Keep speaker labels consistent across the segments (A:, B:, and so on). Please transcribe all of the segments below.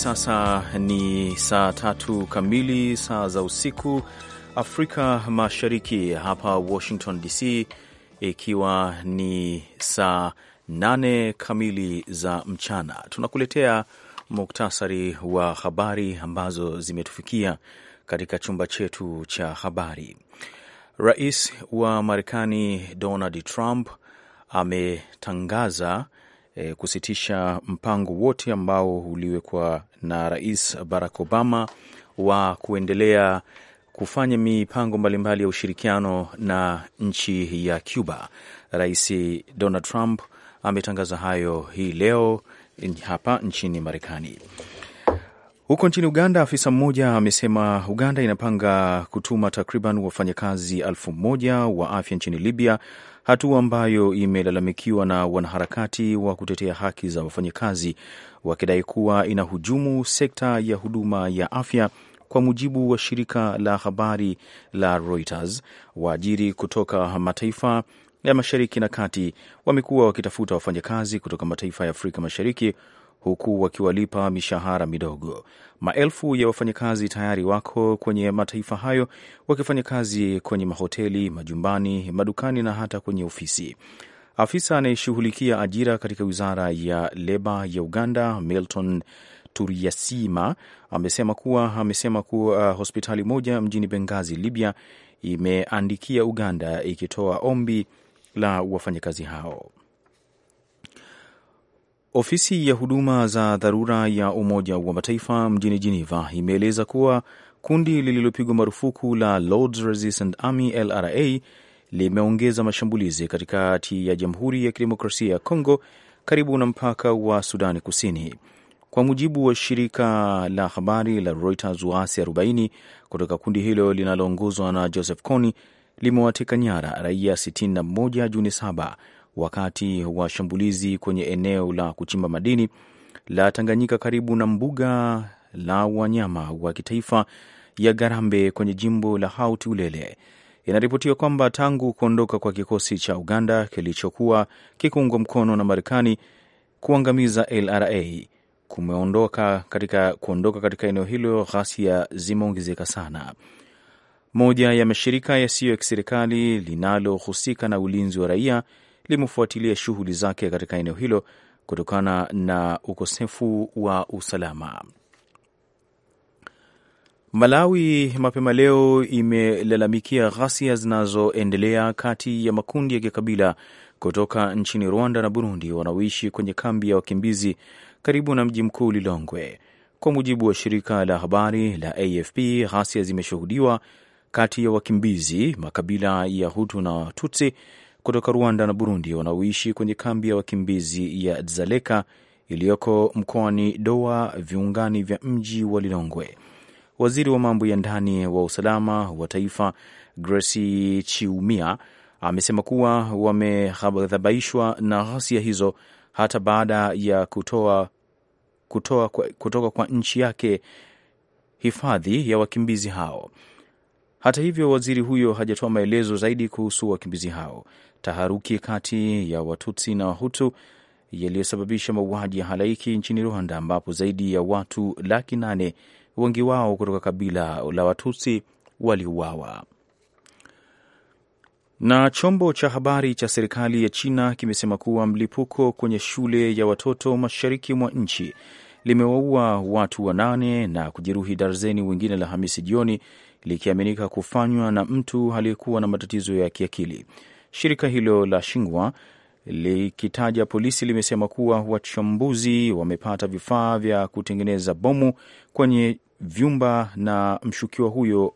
A: sasa ni saa tatu kamili saa za usiku Afrika Mashariki, hapa Washington DC ikiwa ni saa nane kamili za mchana. Tunakuletea muktasari wa habari ambazo zimetufikia katika chumba chetu cha habari. Rais wa Marekani Donald Trump ametangaza eh, kusitisha mpango wote ambao uliwekwa na Rais Barack Obama wa kuendelea kufanya mipango mbalimbali ya ushirikiano na nchi ya Cuba. Rais Donald Trump ametangaza hayo hii leo hapa nchini Marekani. Huko nchini Uganda, afisa mmoja amesema Uganda inapanga kutuma takriban wafanyakazi elfu moja wa afya nchini Libya, hatua ambayo imelalamikiwa na wanaharakati wa kutetea haki za wafanyakazi wakidai kuwa inahujumu sekta ya huduma ya afya. Kwa mujibu wa shirika la habari la Reuters, waajiri kutoka mataifa ya Mashariki na Kati wamekuwa wakitafuta wafanyakazi kutoka mataifa ya Afrika Mashariki huku wakiwalipa mishahara midogo. Maelfu ya wafanyakazi tayari wako kwenye mataifa hayo wakifanya kazi kwenye mahoteli, majumbani, madukani na hata kwenye ofisi. Afisa anayeshughulikia ajira katika wizara ya leba ya Uganda, Milton Turiasima, amesema kuwa amesema kuwa uh, hospitali moja mjini Bengazi, Libya, imeandikia Uganda ikitoa ombi la wafanyakazi hao. Ofisi ya huduma za dharura ya Umoja wa Mataifa mjini Geneva imeeleza kuwa kundi lililopigwa marufuku la Lords Resistance Army LRA limeongeza mashambulizi katikati ya Jamhuri ya Kidemokrasia ya Kongo karibu na mpaka wa Sudani Kusini. Kwa mujibu wa shirika la habari la Reuters, waasi 40 kutoka kundi hilo linaloongozwa na Joseph Kony limewateka nyara raia 61 Juni 7 wakati wa shambulizi kwenye eneo la kuchimba madini la Tanganyika karibu na mbuga la wanyama wa kitaifa ya Garambe kwenye jimbo la Hauti Ulele. Inaripotiwa kwamba tangu kuondoka kwa kikosi cha Uganda kilichokuwa kikiungwa mkono na Marekani kuangamiza LRA kumeondoka katika, kuondoka katika eneo hilo, ghasia zimeongezeka sana. Moja ya mashirika yasiyo ya kiserikali linalohusika na ulinzi wa raia limefuatilia shughuli zake katika eneo hilo kutokana na ukosefu wa usalama. Malawi mapema leo imelalamikia ghasia zinazoendelea kati ya makundi ya kikabila kutoka nchini Rwanda na Burundi wanaoishi kwenye kambi ya wakimbizi karibu na mji mkuu Lilongwe. Kwa mujibu wa shirika la habari la AFP, ghasia zimeshuhudiwa kati ya wakimbizi makabila ya Hutu na Tutsi kutoka Rwanda na Burundi wanaoishi kwenye kambi ya wakimbizi ya Dzaleka iliyoko mkoani doa viungani vya mji wa Lilongwe. Waziri wa mambo ya ndani wa usalama wa taifa gresi Chiumia amesema kuwa wamehadhabaishwa na ghasia hizo hata baada ya kutoa, kutoa, kutoka kwa nchi yake hifadhi ya wakimbizi hao. Hata hivyo, waziri huyo hajatoa maelezo zaidi kuhusu wakimbizi hao. Taharuki kati ya Watutsi na Wahutu yaliyosababisha mauaji ya halaiki nchini Rwanda ambapo zaidi ya watu laki nane wengi wao kutoka kabila la Watusi waliuawa. Na chombo cha habari cha serikali ya China kimesema kuwa mlipuko kwenye shule ya watoto mashariki mwa nchi limewaua watu wanane na kujeruhi darzeni wengine Alhamisi jioni, likiaminika kufanywa na mtu aliyekuwa na matatizo ya kiakili. Shirika hilo la Shingwa likitaja polisi limesema kuwa wachambuzi wamepata vifaa vya kutengeneza bomu kwenye vyumba na mshukiwa huyo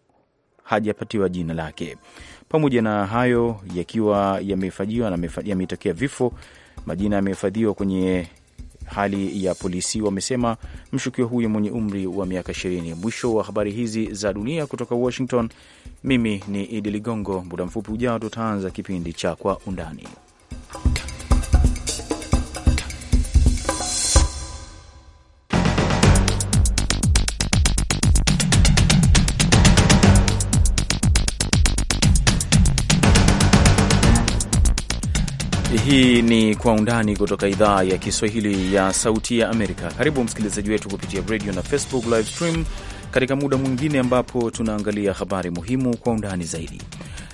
A: hajapatiwa jina lake. Pamoja na hayo yakiwa yamehifadhiwa na yametokea vifo, majina yamehifadhiwa kwenye hali ya polisi, wamesema mshukiwa huyo mwenye umri wa miaka 20. Mwisho wa habari hizi za dunia kutoka Washington, mimi ni Idi Ligongo. Muda mfupi ujao tutaanza kipindi cha Kwa Undani. Hii ni Kwa Undani kutoka idhaa ya Kiswahili ya Sauti ya Amerika. Karibu msikilizaji wetu kupitia radio na Facebook live stream katika muda mwingine ambapo tunaangalia habari muhimu kwa undani zaidi.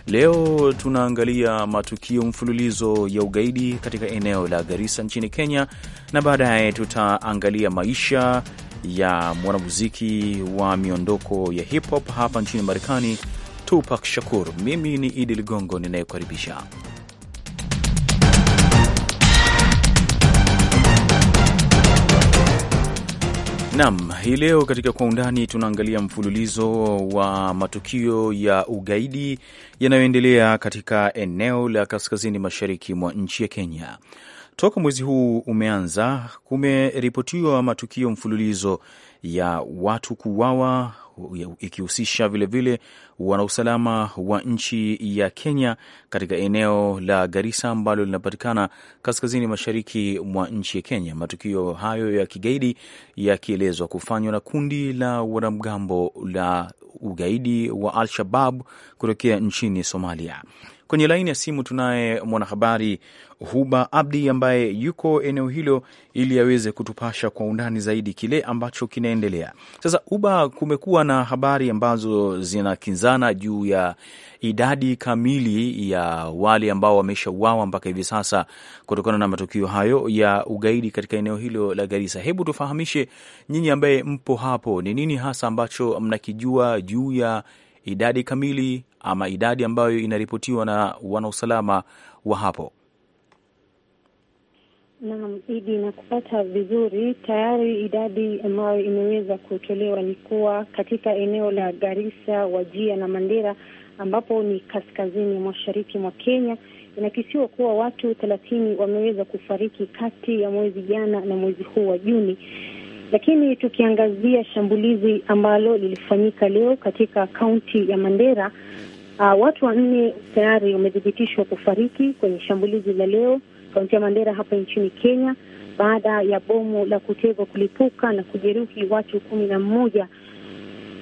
A: Leo tunaangalia matukio mfululizo ya ugaidi katika eneo la Garissa nchini Kenya, na baadaye tutaangalia maisha ya mwanamuziki wa miondoko ya hip hop hapa nchini Marekani, Tupac Shakur. Mimi ni Idi Ligongo ninayekukaribisha. Nam, hii leo katika Kwa Undani tunaangalia mfululizo wa matukio ya ugaidi yanayoendelea katika eneo la kaskazini mashariki mwa nchi ya Kenya. Toka mwezi huu umeanza, kumeripotiwa matukio mfululizo ya watu kuuawa, ikihusisha vilevile wanausalama wa nchi ya Kenya katika eneo la Garissa ambalo linapatikana kaskazini mashariki mwa nchi ya Kenya. Matukio hayo ya kigaidi yakielezwa kufanywa na kundi la wanamgambo la ugaidi wa Al-Shabab kutokea nchini Somalia. Kwenye laini ya simu tunaye mwanahabari Huba Abdi ambaye yuko eneo hilo ili aweze kutupasha kwa undani zaidi kile ambacho kinaendelea. Sasa Huba, kumekuwa na habari ambazo zinakinzana juu ya idadi kamili ya wale ambao wameshauawa mpaka hivi sasa kutokana na matukio hayo ya ugaidi katika eneo hilo la Garissa. Hebu tufahamishe nyinyi ambaye mpo hapo, ni nini hasa ambacho mnakijua juu ya idadi kamili ama idadi ambayo inaripotiwa na wanausalama wa hapo?
B: Naam, Idi, nakupata vizuri. Tayari idadi ambayo imeweza kutolewa ni kuwa katika eneo la Garissa, Wajia na Mandera ambapo ni kaskazini mashariki mwa Kenya, inakisiwa kuwa watu thelathini wameweza kufariki kati ya mwezi jana na mwezi huu wa Juni. Lakini tukiangazia shambulizi ambalo lilifanyika leo katika kaunti ya Mandera, uh, watu wanne tayari wamethibitishwa kufariki kwenye shambulizi la leo kaunti ya Mandera hapa nchini Kenya, baada ya bomu la kutegwa kulipuka na kujeruhi watu kumi na mmoja.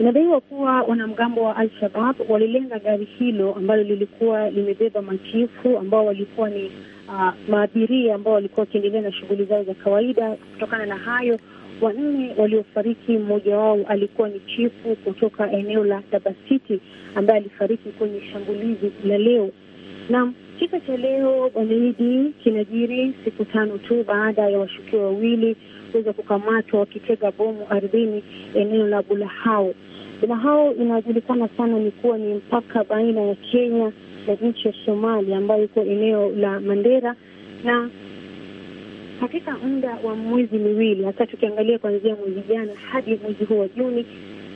B: Inadaiwa kuwa wanamgambo wa Al-Shabab walilenga gari hilo ambalo lilikuwa limebeba machifu ambao walikuwa ni uh, maabiria ambao walikuwa wakiendelea na shughuli zao za kawaida. Kutokana na hayo, Wanne waliofariki, mmoja wao alikuwa ni chifu kutoka eneo la Dabasiti ambaye alifariki kwenye shambulizi la leo. Naam, kisa cha leo Banidi kinajiri siku tano tu baada ya washukiwa wawili kuweza kukamatwa wakitega bomu ardhini eneo la Bulahau. Bulahau inajulikana sana ni kuwa ni mpaka baina ya Kenya na nchi ya Somalia ambayo iko eneo la Mandera na katika muda wa mwezi miwili, hasa tukiangalia kuanzia mwezi jana hadi mwezi huu wa Juni,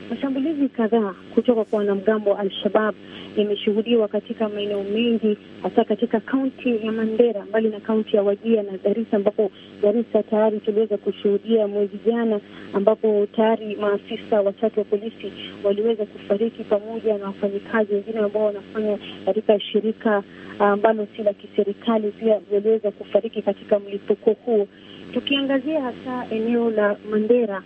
B: Mashambulizi kadhaa kutoka kwa wanamgambo wa Al-Shabab imeshuhudiwa katika maeneo mengi, hasa katika kaunti ya Mandera, mbali na kaunti ya Wajia na Garissa, ambapo Garissa tayari tuliweza kushuhudia mwezi jana, ambapo tayari maafisa watatu wa polisi waliweza kufariki pamoja na wafanyikazi wengine ambao wanafanya katika shirika ah, ambalo si la kiserikali, pia waliweza kufariki katika mlipuko huo. Tukiangazia hasa eneo la Mandera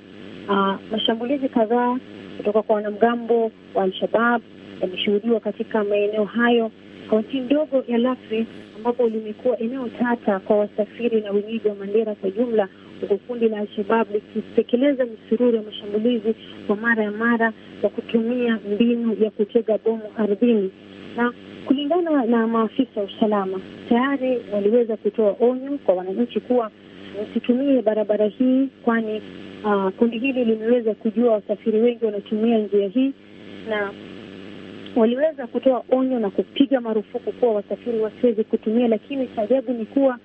B: Uh, mashambulizi kadhaa kutoka kwa wanamgambo wa Al-Shabab yameshuhudiwa katika maeneo hayo, kaunti ndogo ya Lafri ambapo limekuwa eneo tata kwa wasafiri na wenyeji wa Mandera kwa jumla, huku kundi la Al-Shabab likitekeleza misururu ya mashambulizi kwa mara ya mara kwa kutumia mbinu ya kutega bomu ardhini. Na kulingana na maafisa wa usalama, tayari waliweza kutoa onyo kwa wananchi kuwa wasitumie barabara hii, kwani uh, kundi hili limeweza kujua wasafiri wengi wanatumia njia hii na waliweza kutoa onyo na kupiga marufuku kuwa wasafiri wasiweze kutumia, lakini sajabu ni kuwa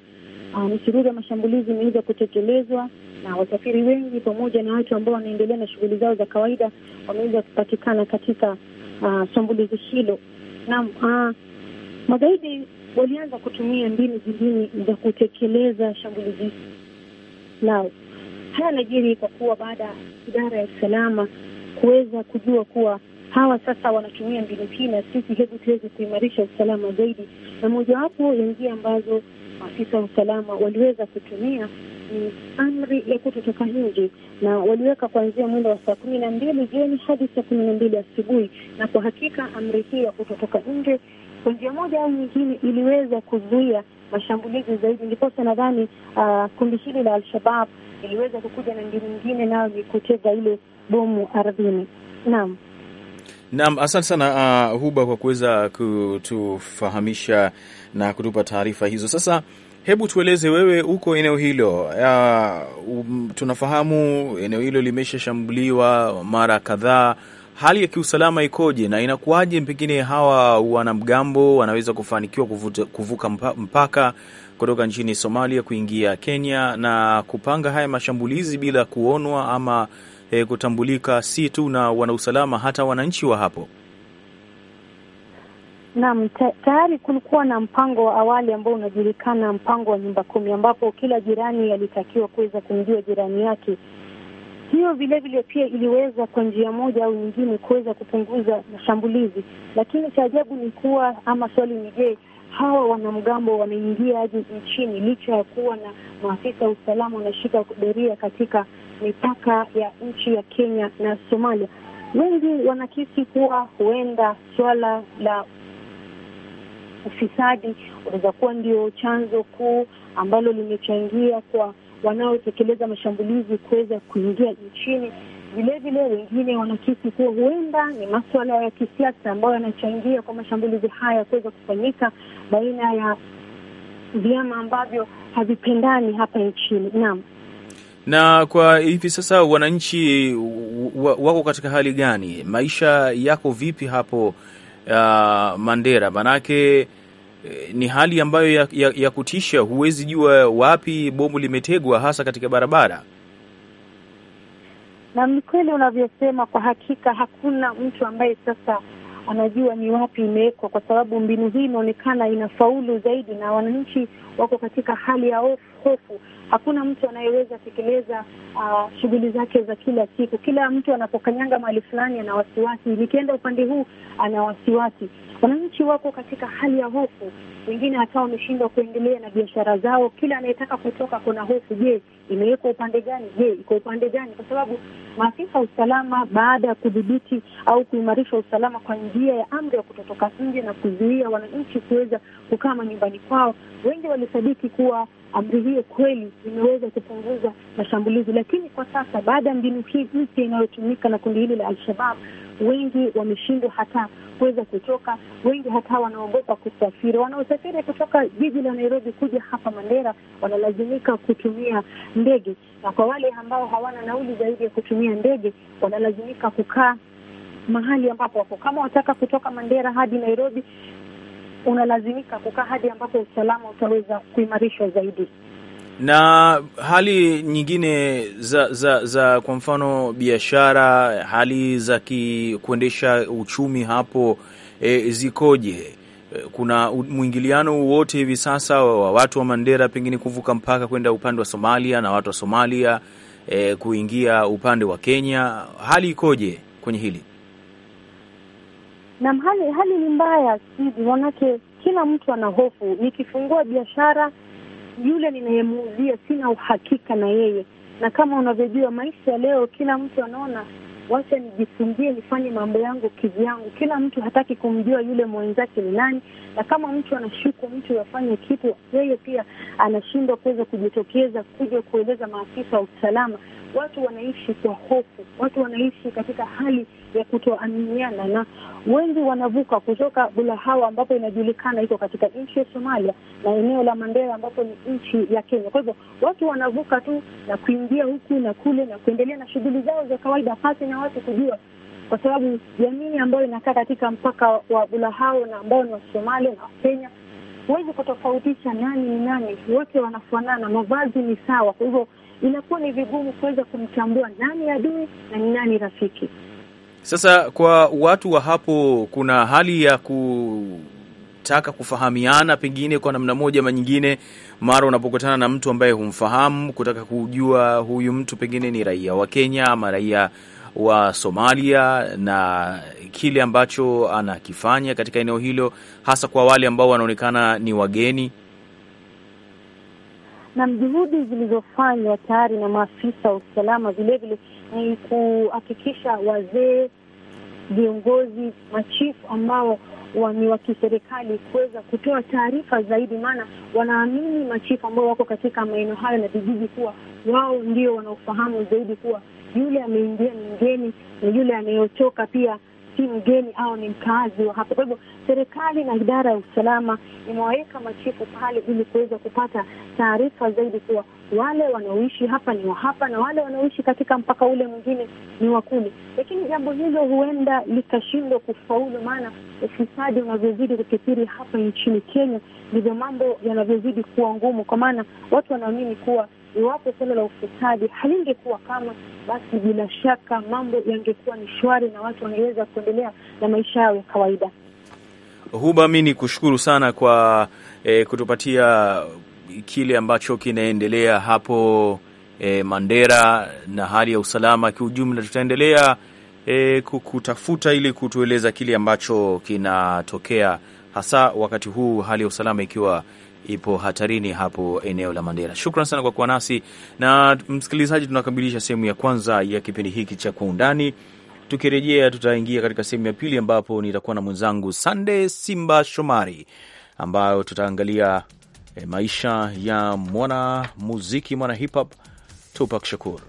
B: misururu ah, ya mashambulizi imeweza kutekelezwa na wasafiri wengi pamoja na watu ambao wanaendelea na shughuli zao za kawaida wameweza kupatikana katika uh, shambulizi hilo. Naam, uh, magaidi walianza kutumia mbinu zingine za kutekeleza shambulizi Islam. Haya yanajiri kwa kuwa baada ya idara ya usalama kuweza kujua kuwa hawa sasa wanatumia mbinu hii, na sisi hebu tuweze kuimarisha usalama zaidi, na mojawapo ya njia ambazo maafisa wa usalama waliweza kutumia ni amri ya kutotoka nje, na waliweka kuanzia mwendo wa saa kumi na mbili jioni hadi saa kumi na mbili asubuhi, na kwa hakika amri hii ya kutotoka nje kwa njia moja au nyingine iliweza kuzuia mashambulizi zaidi. Ndiposa nadhani uh, kundi hili la Alshabab iliweza kukuja na mbinu nyingine, nayo ni kutega ile bomu ardhini. Naam.
A: Naam, asante sana uh, Huba kwa kuweza kutufahamisha na kutupa taarifa hizo. Sasa hebu tueleze wewe, uko eneo hilo uh, um, tunafahamu eneo hilo limeshashambuliwa mara kadhaa hali ya kiusalama ikoje na inakuwaje, pengine hawa wanamgambo wanaweza kufanikiwa kuvuta, kuvuka mpaka kutoka nchini Somalia kuingia Kenya na kupanga haya mashambulizi bila kuonwa ama e, kutambulika si tu na wanausalama, hata wananchi wa hapo?
B: Naam, tayari kulikuwa na mpango wa awali ambao unajulikana, mpango wa nyumba kumi, ambapo kila jirani alitakiwa kuweza kumjua jirani yake hiyo vile vile pia iliweza kwa njia moja au nyingine kuweza kupunguza mashambulizi, lakini cha ajabu ni kuwa ama swali ni je, hawa wanamgambo wameingiaje nchini licha ya kuwa na maafisa wa usalama wanashika doria katika mipaka ya nchi ya Kenya na Somalia? Wengi wanakisi kuwa huenda swala la ufisadi unaweza kuwa ndio chanzo kuu ambalo limechangia kwa wanaotekeleza mashambulizi kuweza kuingia nchini. Vilevile wengine wanakisi kuwa huenda ni maswala ya kisiasa ambayo yanachangia kwa mashambulizi haya kuweza kufanyika baina ya vyama ambavyo havipendani hapa nchini. Naam.
A: Na kwa hivi sasa wananchi wako katika hali gani? Maisha yako vipi hapo uh, Mandera? Manake Eh, ni hali ambayo ya, ya, ya kutisha. Huwezi jua wapi bomu limetegwa, hasa katika barabara.
B: Na ni kweli unavyosema, kwa hakika hakuna mtu ambaye sasa anajua ni wapi imewekwa, kwa sababu mbinu hii inaonekana inafaulu zaidi, na wananchi wako katika hali ya hofu. Hakuna mtu anayeweza tekeleza uh, shughuli zake za kila siku. Kila mtu anapokanyanga mahali fulani ana wasiwasi, nikienda upande huu ana wasiwasi. Wananchi wako katika hali ya hofu, wengine hata wameshindwa kuendelea na biashara zao. Kila anayetaka kutoka kuna hofu. Je, imewekwa upande gani? Je, iko upande gani? Kwa sababu maafisa wa usalama baada ya kudhibiti au kuimarisha usalama kwa njia ya amri ya kutotoka nje na kuzuia wananchi kuweza kukaa manyumbani kwao, wengi sadiki kuwa amri hiyo kweli imeweza kupunguza mashambulizi, lakini kwa sasa baada ya mbinu hii mpya inayotumika na kundi hili la Alshabab, wengi wameshindwa hata kuweza kutoka, wengi hata wanaogopa kusafiri. Wanaosafiri kutoka jiji la Nairobi kuja hapa Mandera wanalazimika kutumia ndege, na kwa wale ambao hawana nauli zaidi ya kutumia ndege wanalazimika kukaa mahali ambapo wako. Kama wataka kutoka Mandera hadi Nairobi, unalazimika kukaa hadi ambapo usalama utaweza kuimarishwa zaidi.
A: Na hali nyingine za za, za kwa mfano biashara, hali za kuendesha uchumi hapo e, zikoje? E, kuna mwingiliano wowote hivi sasa wa watu wa Mandera pengine kuvuka mpaka kwenda upande wa Somalia na watu wa Somalia e, kuingia upande wa Kenya, hali ikoje kwenye hili?
B: Naam, hali hali ni mbaya sidi, manake kila mtu ana hofu. Nikifungua biashara, yule ninayemuuzia sina uhakika na yeye, na kama unavyojua maisha ya leo, kila mtu anaona wacha nijifungie nifanye mambo yangu kivyangu. Kila mtu hataki kumjua yule mwenzake ni nani, na kama mtu anashuku mtu afanye kitu, yeye pia anashindwa kuweza kujitokeza kuja kueleza maafisa wa usalama. Watu wanaishi kwa hofu, watu wanaishi katika hali vya kutoaminiana, na wengi wanavuka kutoka Bulahawa ambapo inajulikana iko katika nchi ya Somalia na eneo la Mandera ambapo ni nchi ya Kenya. Kwa hivyo watu wanavuka tu na kuingia huku na kule na kuendelea na shughuli zao za kawaida pasi na watu kujua kwa sababu jamii ambayo inakaa katika mpaka wa Bulahau na ambao ni Wasomalia na Wakenya, huwezi kutofautisha nani ni nani, wote wanafanana, mavazi ni sawa. Kwa hivyo inakuwa ni vigumu kuweza kumtambua nani adui na ni nani rafiki.
A: Sasa kwa watu wa hapo, kuna hali ya kutaka kufahamiana, pengine kwa namna moja ama nyingine, mara unapokutana na mtu ambaye humfahamu, kutaka kujua huyu mtu pengine ni raia wa Kenya ama raia wa Somalia na kile ambacho anakifanya katika eneo hilo, hasa kwa wale ambao wanaonekana ni wageni.
B: Na juhudi zilizofanywa tayari na maafisa wa usalama vilevile ni kuhakikisha wazee, viongozi, machifu ambao ni wa kiserikali kuweza kutoa taarifa zaidi, maana wanaamini machifu ambao wako katika maeneo hayo na vijiji kuwa wao ndio wanaofahamu zaidi kuwa yule ameingia ni mgeni na yule anayotoka pia si mgeni au ni mkaazi wa hapo. Kwa hivyo serikali na idara ya usalama imewaweka machifu pale ili kuweza kupata taarifa zaidi kuwa wale wanaoishi hapa ni wa hapa na wale wanaoishi katika mpaka ule mwingine ni wa kule. Lakini jambo hilo huenda likashindwa kufaulu, maana ufisadi unavyozidi kukithiri hapa nchini Kenya ndivyo mambo yanavyozidi kuwa ngumu, kwa maana watu wanaamini kuwa iwapo suala la ufisadi halingekuwa kama, basi bila shaka mambo yangekuwa ni shwari na watu wangeweza kuendelea na maisha yao ya kawaida.
A: Huba, mi ni kushukuru sana kwa e, kutupatia kile ambacho kinaendelea hapo e, Mandera na hali ya usalama kiujumla. Tutaendelea e, kukutafuta ili kutueleza kile ambacho kinatokea hasa wakati huu hali ya usalama ikiwa ipo hatarini hapo eneo la Mandera. Shukran sana kwa kuwa nasi na msikilizaji, tunakamilisha sehemu ya kwanza ya kipindi hiki cha Kwa Undani. Tukirejea tutaingia katika sehemu ya pili ambapo nitakuwa na mwenzangu Sande Simba Shomari, ambayo tutaangalia eh, maisha ya mwana muziki mwana hip hop Tupac Shakur.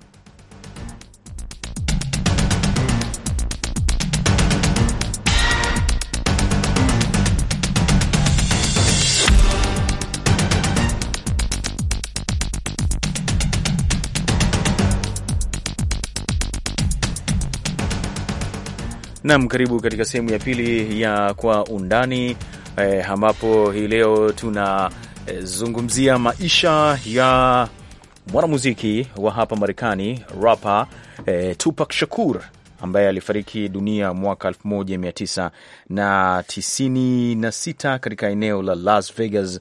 A: Nam, karibu katika sehemu ya pili ya Kwa Undani eh, ambapo hii leo tunazungumzia eh, maisha ya mwanamuziki wa hapa Marekani rapa eh, Tupac Shakur ambaye alifariki dunia mwaka 1996 katika eneo la Las Vegas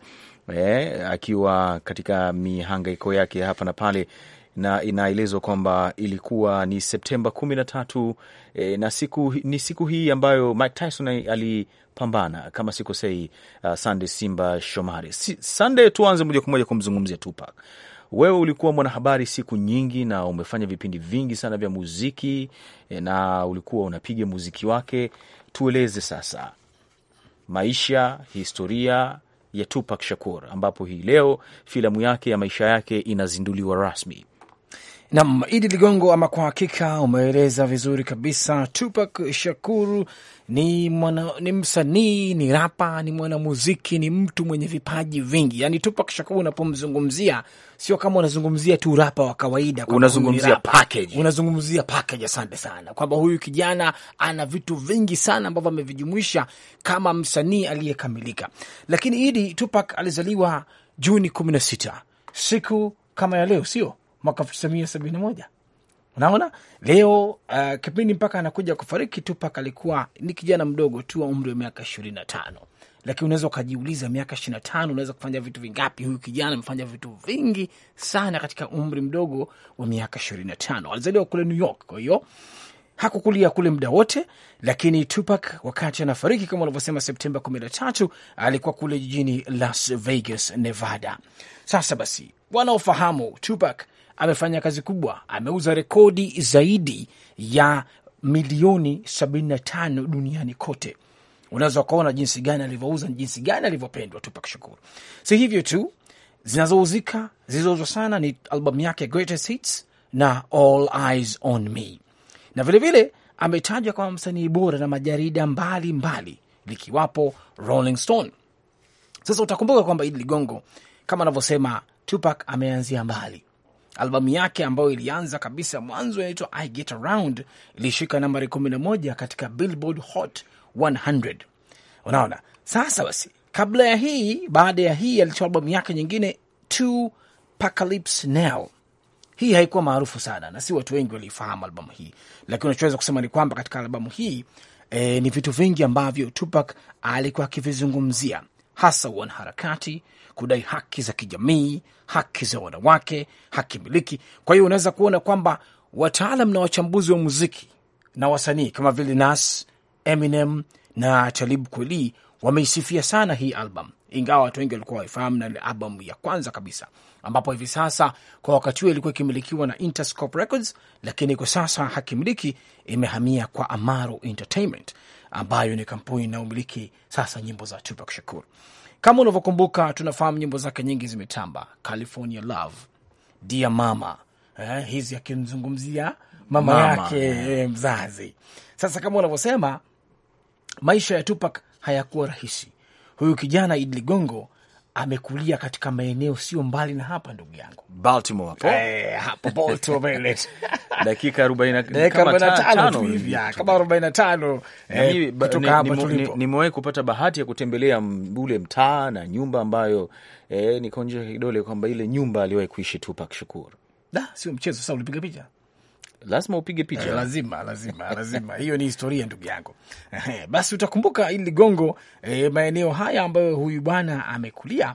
A: eh, akiwa katika mihangaiko yake hapa na pale na inaelezwa kwamba ilikuwa ni Septemba kumi na tatu e, na siku, ni siku hii ambayo Mike Tyson alipambana kama sikosei. Uh, Sande Simba Shomari si, Sande, tuanze moja kwa moja kumzungumzia Tupac. Wewe ulikuwa mwanahabari siku nyingi na umefanya vipindi vingi sana vya muziki e, na ulikuwa unapiga muziki wake. Tueleze sasa maisha, historia ya Tupac Shakur ambapo hii leo filamu yake ya maisha yake inazinduliwa rasmi.
C: Nam Idi Ligongo, ama kwa hakika umeeleza vizuri kabisa. Tupac Shakur ni mwana, ni msanii, ni rapa, ni mwanamuziki, ni mtu mwenye vipaji vingi. Yani Tupac Shakur unapomzungumzia, sio kama unazungumzia tu rapa wa kawaida, unazungumzia package, unazungumzia package. Asante sana kwamba huyu kijana ana vitu vingi sana ambavyo amevijumuisha kama msanii aliyekamilika. Lakini Idi, Tupac alizaliwa Juni 16 siku kama ya leo, sio mwaka 1971. Unaona leo uh, kipindi mpaka anakuja kufariki Tupac alikuwa ni kijana mdogo tu wa umri wa miaka 25, lakini unaweza ukajiuliza, miaka 25 unaweza kufanya vitu vingapi? Huyu kijana amefanya vitu vingi sana katika umri mdogo wa miaka 25. Alizaliwa kule New York, kwa hiyo hakukulia kule muda wote, lakini Tupac wakati anafariki kama walivyosema, Septemba 13 alikuwa kule jijini Las Vegas, Nevada. Sasa basi, wanaofahamu Tupac amefanya kazi kubwa, ameuza rekodi zaidi ya milioni 75 duniani kote. Unaweza ukaona jinsi gani alivyouza, jinsi gani alivyopendwa. Tupac Shakur. Si hivyo tu, zinazouzika zilizouzwa sana ni albamu yake Greatest Hits na All Eyes on Me, na vilevile ametajwa kama msanii bora na majarida mbalimbali mbali, likiwapo Rolling Stone. Sasa utakumbuka kwamba Idi Ligongo, kama anavyosema Tupac, ameanzia mbali Albamu yake ambayo ilianza kabisa mwanzo inaitwa I Get Around ilishika nambari 11 katika Billboard Hot 100. Unaona sasa, basi kabla ya hii, baada ya hii alitoa albamu yake nyingine To Apocalypse Now. Hii haikuwa maarufu sana na si watu wengi waliifahamu albamu hii, lakini unachoweza kusema ni kwamba katika albamu hii e, ni vitu vingi ambavyo Tupac alikuwa akivizungumzia, hasa wanaharakati, kudai haki za kijamii, haki za wanawake, haki miliki. Kwa hiyo unaweza kuona kwamba wataalam na wachambuzi wa muziki na wasanii kama vile Nas, Eminem na Talib Kweli wameisifia sana hii album, ingawa watu wengi walikuwa waifahamu na ile ya kwanza kabisa, ambapo hivi sasa kwa wakati huo ilikuwa ikimilikiwa na Interscope Records, lakini kwa sasa hakimiliki imehamia kwa Amaro Entertainment ambayo ni kampuni inayomiliki sasa nyimbo za Tupac Shakur. Kama unavyokumbuka, tunafahamu nyimbo zake nyingi zimetamba, California Love, Dear Mama, eh, hizi akimzungumzia mama, mama yake eh, eh mzazi. Sasa kama unavyosema, maisha ya Tupac hayakuwa rahisi. Huyu kijana Idi Ligongo amekulia katika maeneo sio mbali na hapa, ndugu
A: yangu, Baltimore hapo eh, hapo Baltimore dakika 40 45 hivi, ah,
C: kama 45 eh, kutoka hapa tulipo.
A: Nimewahi kupata bahati ya kutembelea ule mtaa na nyumba ambayo eh, nikonje kidole kwamba ile nyumba aliwahi kuishi Tupac Shakur, da sio mchezo. Sasa ulipiga picha lazima upige picha, eh, lazima
C: lazima lazima, hiyo ni historia ndugu yangu. Eh, basi utakumbuka ili ligongo eh, maeneo haya ambayo huyu bwana amekulia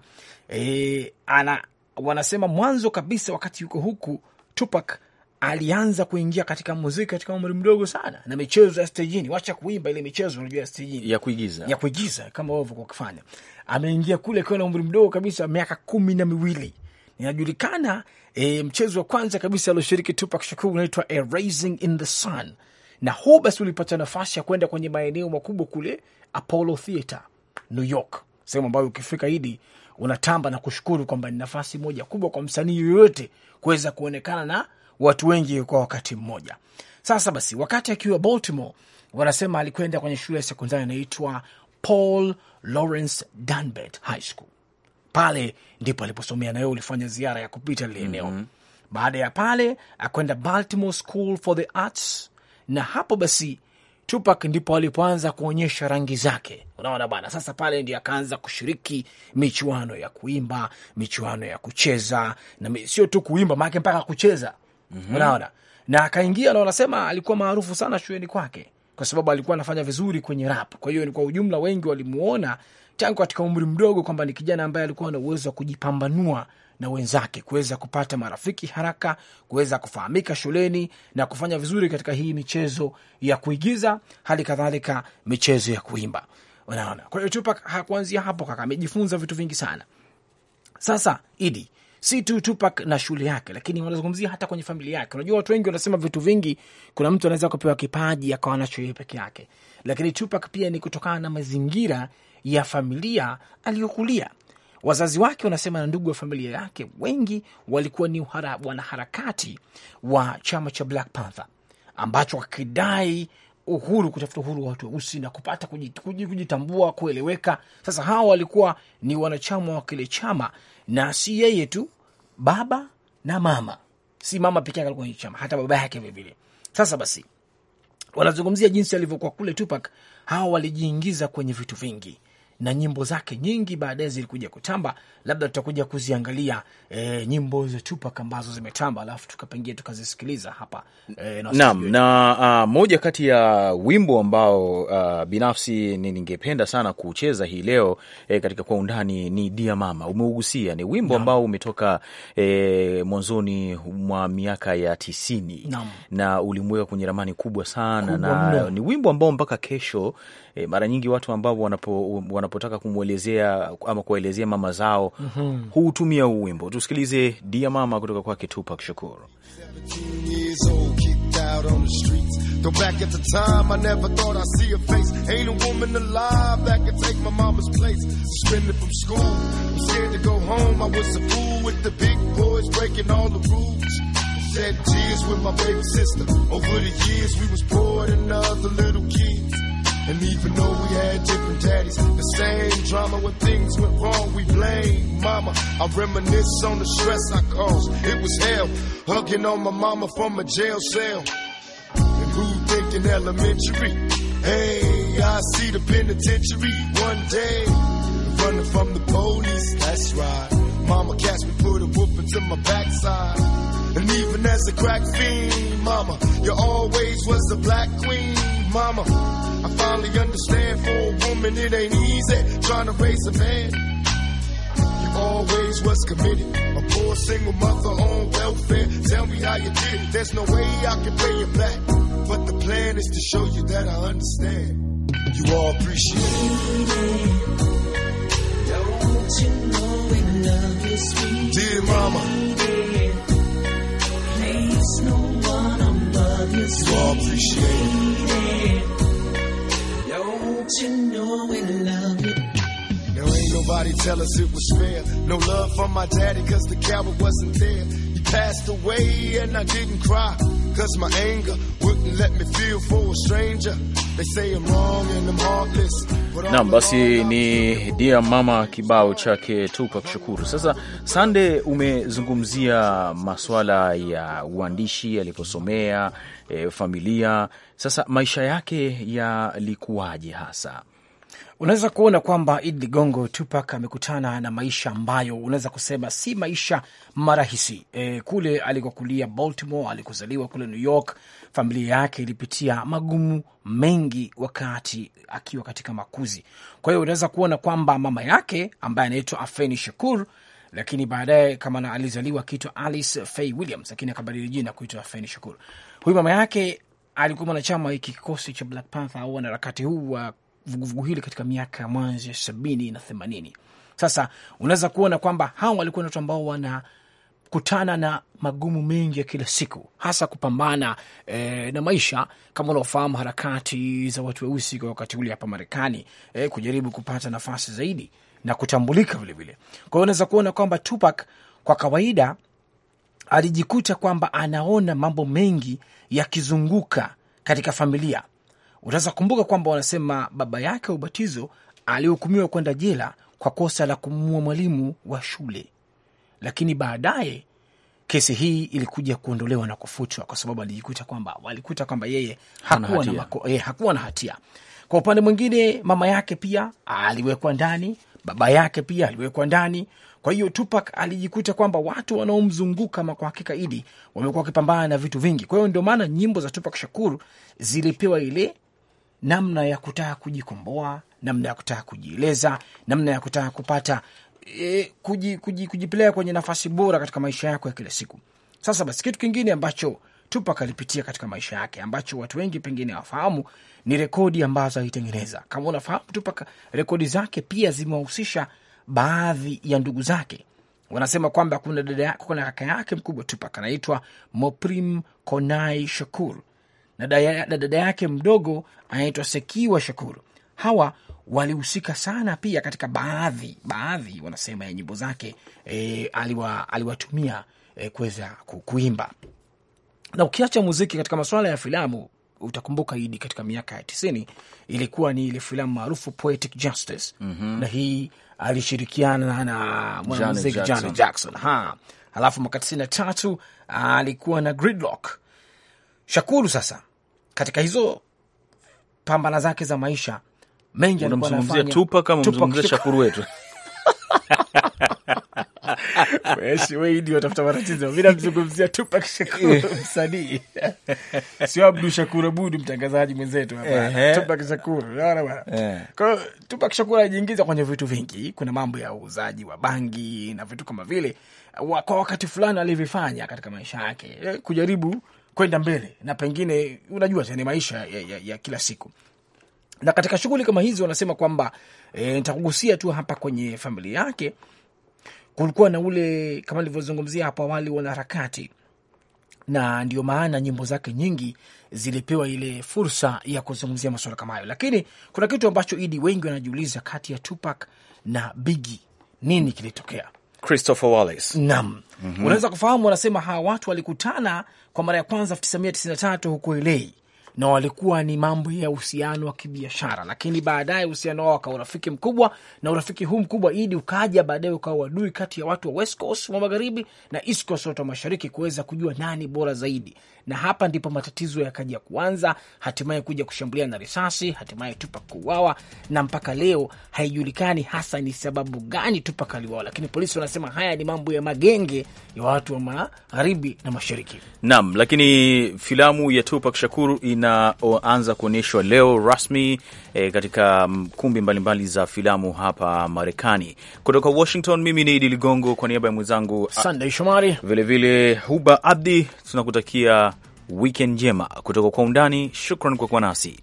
C: eh, ana wanasema mwanzo kabisa wakati yuko huku Tupac alianza kuingia katika muziki katika umri mdogo sana na michezo ya stejini. Wacha kuimba ile michezo unajua ya
A: stejini ya kuigiza, ya kuigiza
C: kama wao kwa kufanya. Ameingia kule akiwa na umri mdogo kabisa, miaka kumi na miwili. Inajulikana E, mchezo wa kwanza kabisa alioshiriki Tupac Shakur unaitwa A Rising in the Sun, na huu basi ulipata nafasi ya kwenda kwenye maeneo makubwa kule Apollo Theater New York, sehemu ambayo ukifika hidi unatamba na kushukuru kwamba ni nafasi moja kubwa kwa msanii yoyote kuweza kuonekana na watu wengi kwa wakati mmoja. Sasa basi, wakati akiwa Baltimore, wanasema alikwenda kwenye shule ya sekondari inaitwa Paul Lawrence Dunbert High School pale ndipo aliposomea na wewe ulifanya ziara ya kupita lile eneo mm -hmm. Baada ya pale akwenda Baltimore School for the Arts, na hapo basi Tupac ndipo alipoanza kuonyesha rangi zake. Unaona bana, sasa pale ndio akaanza kushiriki michuano ya kuimba, michuano ya kucheza, na sio tu kuimba maake mpaka kucheza mm -hmm. Unaona, na akaingia na wanasema alikuwa maarufu sana shuleni kwake kwa sababu alikuwa anafanya vizuri kwenye rap. Kwa hiyo kwa ujumla wengi walimuona tangu katika umri mdogo, kwamba ni kijana ambaye alikuwa na uwezo wa kujipambanua na wenzake, kuweza kupata marafiki haraka, kuweza kufahamika shuleni na kufanya vizuri katika hii michezo ya kuigiza, hali kadhalika michezo ya kuimba. Unaona, kwa hiyo Tupac hakuanzia hapo kaka, amejifunza vitu vingi sana. Sasa idi si tu Tupac na shule yake, lakini wanazungumzia hata kwenye familia yake. Unajua, watu wengi wanasema vitu vingi, kuna mtu anaweza kupewa kipaji akawa nacho yeye peke yake, lakini Tupac pia ni kutokana na mazingira ya familia aliyokulia. Wazazi wake wanasema na ndugu wa familia yake wengi walikuwa ni wanaharakati wa chama cha Black Panther ambacho wakidai uhuru, kutafuta uhuru wa watu weusi na kupata kujitambua, kueleweka. Sasa hawa walikuwa ni wanachama wa kile chama, na si yeye tu, baba na mama. Si mama pekee alikuwa kwenye chama, hata baba yake vilevile. Sasa basi wanazungumzia jinsi alivyokuwa kule Tupac. Hawa walijiingiza kwenye vitu vingi na nyimbo zake nyingi baadaye zilikuja kutamba. Labda tutakuja kuziangalia e, nyimbo za Tupac ambazo zimetamba, alafu tukapengia tukazisikiliza hapa e, naam. Na
A: na uh, moja kati ya wimbo ambao uh, binafsi ni ningependa sana kucheza hii leo e, katika kwa undani ni Dia Mama. Umeugusia, ni wimbo naam, ambao umetoka e, mwanzoni mwa miaka ya tisini naam, na ulimweka kwenye ramani kubwa sana kubwa, na mno. Ni wimbo ambao mpaka kesho e, mara nyingi watu ambao wanapo, wanapo wanapotaka kumwelezea ama kuwaelezea mama zao mm -hmm. huutumia huu wimbo. Tusikilize Dia Mama kutoka kwake Tupac Shakur.
D: Shed tears with my baby sister. Over the years, we was poor than other little kids. And even though we had different daddies, the same drama when things went wrong, we blame mama. I reminisce on the stress I caused. It was hell, hugging on my mama from a jail cell. And who thinking elementary? Hey, I see the penitentiary one day. Running from the police, that's right. Mama catch me, put a whoop into my backside. And even as a crack fiend, mama, you always was the black queen mama. I finally understand for a woman it ain't easy trying to raise a man. You always was committed. A poor single mother on welfare. Tell me how you did it. There's no way I can pay you back. But the plan is to show you that I understand. You all appreciate it. Dear mama. It's so appreciated. Don't you know we love you? nobody tell us it was fair. No love for my daddy, cause the coward wasn't there. He passed away and I didn't cry. Cause my anger wouldn't let me feel for a stranger. They say I'm wrong and I'm heartless. Naam,
A: basi ni Dear Mama kibao chake Tupac Shakuru. Sasa Sande, umezungumzia masuala ya uandishi aliposomea e, familia. Sasa maisha yake yalikuwaje hasa? Unaweza
C: kuona kwamba Idi Ligongo, Tupac amekutana na maisha ambayo unaweza kusema si maisha marahisi. E, kule alikokulia Baltimore, alikuzaliwa kule New York, familia yake ilipitia magumu mengi wakati akiwa katika makuzi. Kwa hiyo unaweza kuona kwamba mama yake ambaye anaitwa Afeni Shakur lakini baadaye kama na alizaliwa akiitwa Alice Faye Williams, lakini akabadili jina kuitwa Feni Shakur. Huyu mama yake alikuwa mwanachama hiki kikosi cha Black Panther au wanaharakati huu wa vuguvugu hili katika miaka ya mwanzo ya sabini na themanini. Sasa unaweza kuona kwamba hawa walikuwa ni watu ambao wanakutana na magumu mengi ya kila siku, hasa kupambana e, na maisha kama unaofahamu harakati za watu weusi kwa wakati ule hapa Marekani, e, kujaribu kupata nafasi zaidi na kutambulika vilevile. Kwa hiyo unaweza kuona kwamba Tupac kwa kawaida alijikuta kwamba anaona mambo mengi yakizunguka katika familia. Utaweza kumbuka kwamba wanasema baba yake wa ubatizo alihukumiwa kwenda jela kwa kosa la kumuua mwalimu wa shule, lakini baadaye kesi hii ilikuja kuondolewa na kufutwa kwa sababu alijikuta kwamba walikuta kwamba yeye hakuwa na, mako, eh, hakuwa na hatia. Kwa upande mwingine, mama yake pia aliwekwa ndani, baba yake pia aliwekwa ndani. Kwa hiyo Tupac alijikuta kwamba watu wanaomzunguka ma kwa hakika Idi wamekuwa wakipambana na vitu vingi. Kwa hiyo ndio maana nyimbo za Tupac Shakur zilipewa ile namna ya kutaka kujikomboa, namna ya kutaka kujieleza, namna ya kutaka kupata e, kuji, kuji, kwenye nafasi bora katika maisha yako ya kila siku. Sasa basi, kitu kingine ambacho Tupac alipitia katika maisha yake ambacho watu wengi pengine hawafahamu ni rekodi ambazo alitengeneza. Kama unafahamu Tupac, rekodi zake pia zimewahusisha baadhi ya ndugu zake wanasema kwamba kuna dada yake, kuna kaka yake mkubwa Tupac anaitwa Moprim Konai Shakur na dada yake mdogo anaitwa Sekiwa Shakur. Hawa walihusika sana pia katika baadhi baadhi wanasema ya nyimbo zake e, aliwa, aliwatumia e, kuweza kuimba. Na ukiacha muziki, katika masuala ya filamu utakumbuka Idi, katika miaka ya tisini ilikuwa ni ile filamu maarufu Poetic Justice mm -hmm. na hii alishirikiana na mwanamuziki Janet Jackson, Jackson. Ha. Alafu mwaka tisini na tatu alikuwa na Gridlock. Shakuru sasa katika hizo pambana zake za maisha mengi alikuwa anafanya. Tupa kama mzungumzia Shakuru wetu Eh, wewe watafuta matatizo. namzungumzia Tupac Shakur, eh. msanii sio Abdu Shakur Abud, mtangazaji mwenzetu hapa. Tupac Shakur, unaona bwana. Eh. Kwa hiyo Tupac Shakur kwenye vitu vingi, kuna mambo ya uuzaji wa bangi na vitu kama vile, kwa wakati fulani alivifanya katika maisha yake kujaribu kwenda mbele na pengine, unajua tena maisha ya, ya, ya kila siku na katika shughuli kama hizi wanasema kwamba e, nitakugusia tu hapa kwenye familia yake kulikuwa na ule kama nilivyozungumzia hapo awali, wanaharakati na ndio maana nyimbo zake nyingi zilipewa ile fursa ya kuzungumzia masuala kama hayo. Lakini kuna kitu ambacho idi wengi wanajiuliza, kati ya Tupac na Biggie nini kilitokea?
A: Christopher Wallace, naam.
C: mm -hmm. Unaweza kufahamu, wanasema hawa watu walikutana kwa mara ya kwanza 1993 huko Elei na walikuwa ni mambo ya uhusiano wa kibiashara, lakini baadaye uhusiano wao wakawa urafiki mkubwa, na urafiki huu mkubwa idi ukaja baadaye ukawa adui kati ya watu wa West Coast wa magharibi na East Coast wa mashariki, kuweza kujua nani bora zaidi, na hapa ndipo matatizo yakaja kuanza, hatimaye kuja kushambulia na risasi, hatimaye Tupac kuuawa, na mpaka leo haijulikani hasa ni sababu gani Tupac aliuawa, lakini polisi wanasema haya ni mambo ya magenge ya watu wa magharibi na mashariki.
A: Naam, lakini filamu ya Tupac Shakur ina inaanza kuonyeshwa leo rasmi e, katika kumbi mbalimbali za filamu hapa Marekani. Kutoka Washington, mimi ni Idi Ligongo kwa niaba ya mwenzangu Sandey Shomari, vilevile Huba Abdi, tunakutakia wikend njema kutoka kwa undani. Shukran kwa kuwa nasi.